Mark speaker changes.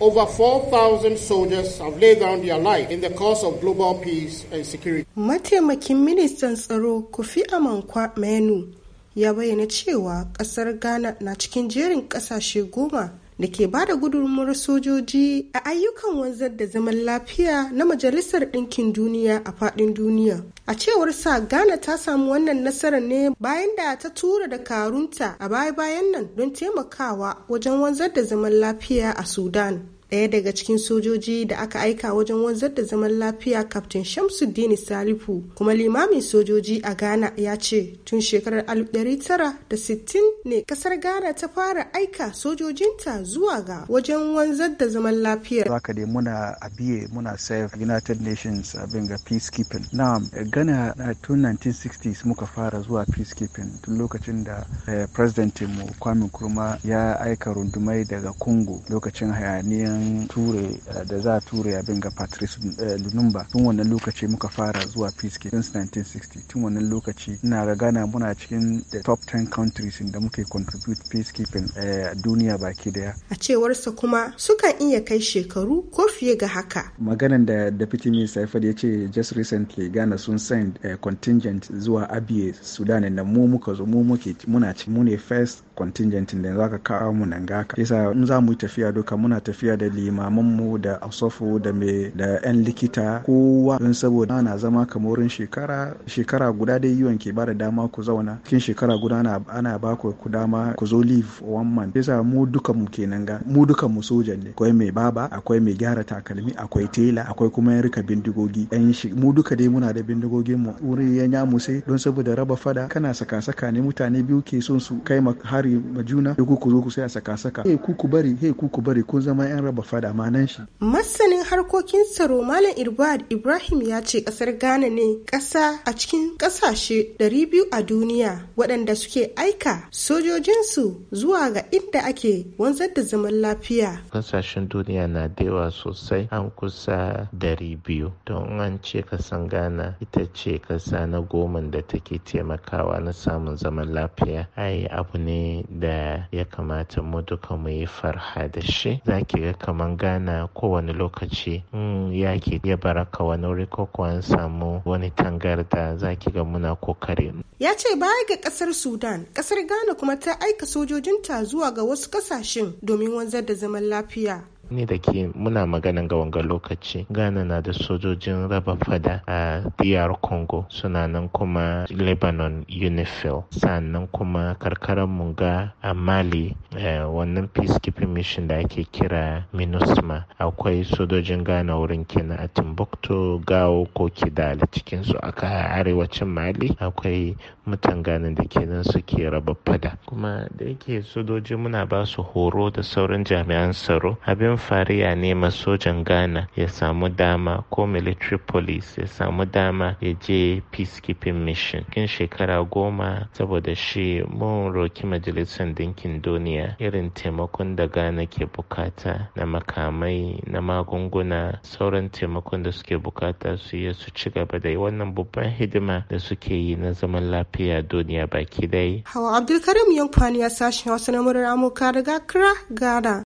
Speaker 1: Over 4,000 soldiers have laid down their life in the course of global peace and security.
Speaker 2: Mataimakin ministan tsaro Kofi Amankwa Menu ya bayyana cewa ƙasar Ghana na cikin jerin ƙasashe goma da ke bada da gudunmuwar sojoji a ayyukan wanzar da zaman lafiya na Majalisar Ɗinkin Duniya a faɗin duniya. A cewar sa Ghana ta samu wannan nasarar ne bayan da ta tura da karunta a baya-bayan nan don taimakawa wajen wanzar da zaman lafiya a Sudan. ɗaya daga cikin sojoji da aka aika wajen wanzar da zaman lafiya kaftin shamsuddini salifu kuma limamin sojoji a ghana ya ce tun shekarar 1960 ne kasar ghana ta fara aika sojojinta zuwa ga wajen wanzar da
Speaker 3: zaman lafiya haka dai muna abiye muna save united nations abin ga peacekeeping na ghana uh, tun 1960s muka fara zuwa peacekeeping tun lokacin da eh, presidentin mu kwame kurma ya aika rundumai daga congo lokacin hayaniyan wannan ture eh, da za a ture abin ga patrice eh, lumumba tun wannan lokaci muka fara zuwa peace since 1960 tun wannan lokaci ina ga ghana muna cikin the top 10 countries da muke contribute peacekeeping eh, a duniya baki daya
Speaker 2: a cewarsa kuma sukan iya kai shekaru ko fiye ga haka
Speaker 3: maganan da deputy minister ifad ya ce just recently ghana sun send contingent zuwa abiye sudan da mu muka zo mu muke muna ci mu ne first din za ka kawo mu nan gaka yasa in za mu yi tafiya duka muna tafiya da limaman mu da asofu da me da yan likita kowa don saboda ana zama kamorin shekara shekara guda dai yiwon ke ba da dama ku zauna cikin shekara guda ana ba ku dama ku zo leave one month yasa mu duka mu kenan ga mu duka mu sojan ne akwai mai baba akwai mai gyara takalmi akwai tela akwai kuma yan rika bindigogi yan mu duka dai muna da bindigogin mu wuri ya sai don saboda raba fada kana saka saka ne mutane biyu ke son su kai har bari ma juna ku ku zo ku sai a saka saka hey kuku bari hey ku bari ko zama yan raba fada nan shi
Speaker 2: masanin harkokin tsaro malam irbad ibrahim ya ce kasar ghana ne kasa a cikin kasashe 200 a duniya waɗanda suke aika sojojinsu zuwa ga inda ake wanzar da zaman lafiya
Speaker 1: kasashen duniya na da yawa sosai an kusa 200 don an ce kasan ghana ita ce kasa na goma da take taimakawa na samun zaman lafiya ai abu ne da ya kamata mu duka mu yi farha da shi za ki ga kaman gana kowane lokaci in yaki ya baraka wani wuri ko kuwa samu wani tangarda za ki ga muna kokari.
Speaker 2: ya ce baya ga kasar sudan kasar ghana kuma ta aika sojojinta zuwa ga wasu kasashen domin wanzar da zaman lafiya
Speaker 1: ni da ke muna maganan ga wanga lokaci ghana na da sojojin raba fada a dr congo suna nan kuma lebanon unifil sannan kuma karkarar munga a mali eh, wannan peacekeeping mission da ake kira minusma akwai sojojin ghana wurin kina a timbuktu gawo ko kidali cikinsu a arewacin mali akwai mutan ghana da kenan suke raba fada kuma da yake sojoji muna ba su horo da sauran jami'an tsaro abin fariya ne ma sojan ghana ya samu dama ko military police ya samu dama ya je peacekeeping mission kin shekara goma saboda shi mun roki majalisar dinkin duniya irin taimakon da ghana ke bukata na makamai na magunguna sauran taimakon da suke bukata su yi su ci gaba da wannan babban hidima da suke yi na zaman lafiya duniya baki dai
Speaker 2: hawa abdulkarim yankwani ya sashen wasu na murar amurka daga kira ghana